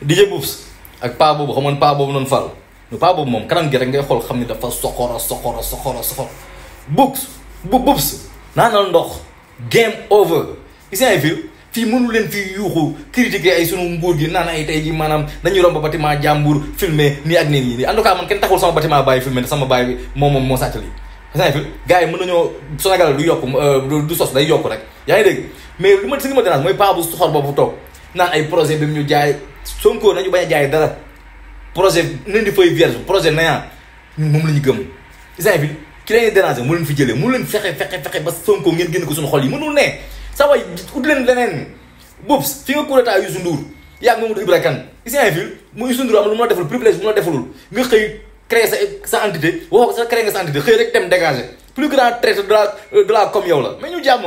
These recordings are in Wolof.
di DJ Boubs ak paa boobu xamoon paa boobu noonu fal nu paa boobu moom kanam gi rek ngay xool xam ni dafa soxora soxora soxora soxor Boubs bu Boubs naanal ndox game over gis nga fi fii mënu leen fii yuuxu critiquer ay sunu nguur gi naan ay ji maanaam dañuy romb bâtiment jàmbur filmer nii ak nii nii en tout cas man kenn taxul sama bâtiment sama bàyyi moom moom moo sàcc lii gis nga gars yi nañoo Sénégal du yokk euh, du sos day yokk rek yaa mais li ma si mooy paa bu boobu toog naan ay projet bi mu ñu jaay Sonko nañu bañ a jaay dara projet nañ di feuille vierge projet nañaa ah, moom la ñu gëm isaan fi ki la ñuy déranger mu leen fi jëlee mu leen fexe fexe fexe ba Sonko ngeen génn ko suñu xol yi mënul ne sa waay ut leen leneen boobu fi nga kuréetaa Youssou Ndour yaa ngi Mamadou Ibra Kane isaan fi mu Youssou Ndour amul lu mu la deful nga xëy créer sa sa entité waxoo ko sa créer nga sa entité xëy rek dem dégager plus grand traître de la de la comme yow la mais ñu jàmm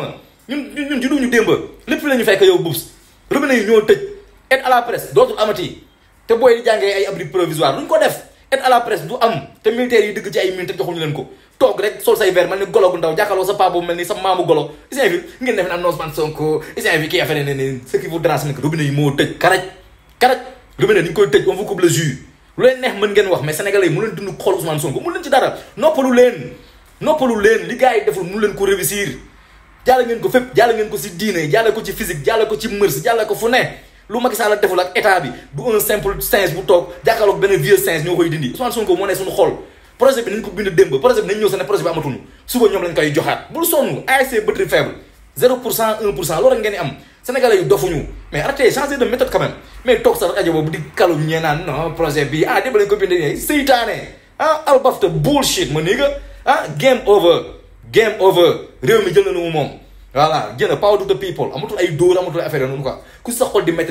ñun ñun ñu duñu démb lépp la ñu fekk yow bubs robinet aide à la presse dootul amati te booy jàngee ay abri provisoire luñ ko def aide à la presse du am te militaires yi dëgg ci ay mine te joxuñu leen ko toog rek sol say verre mel ni golo gu ndaw jàkkaarloo sa paa boobu ni sa maamu golo isin fi ngeen def naan Ousmane Sonko isin fi neex mën ngeen wax mais sénégalais yi mu leen dund xool Ousmane Sonko mu leen ci dara noppalu leen noppalu leen li gars yi deful mu leen ko réussir jàll ngeen ko fépp jàll ngeen ko si diine jàll ko ci physique jàll ko ci lu Macky Sall deful ak état bi du un simple singe bu toog jàkkaarloog benn vieux singe ñoo koy dindi Ousmane Sonko moo ne suñu xol projet bi nañ ko bind démb projet bi nañ ñëw seen projet bi amatuñu suba ñoom lañ koy joxaat bul sonn ASC batterie faible zéro pour cent un pour cent loolu rek ngeen di am sénégalais yu dofuñu mais arrêtez changer de méthode quand même mais toog sax rajo boobu di kalu ñee naan non projet bi ah démb lañ ko bind ne seytaane ah albafta bullshit ma nii nga ah game over game over réew mi jël na nu mu moom voilà jëna power to the people amatul ay dóor amatul ay affaire yoonu quoi ku sa xol di métti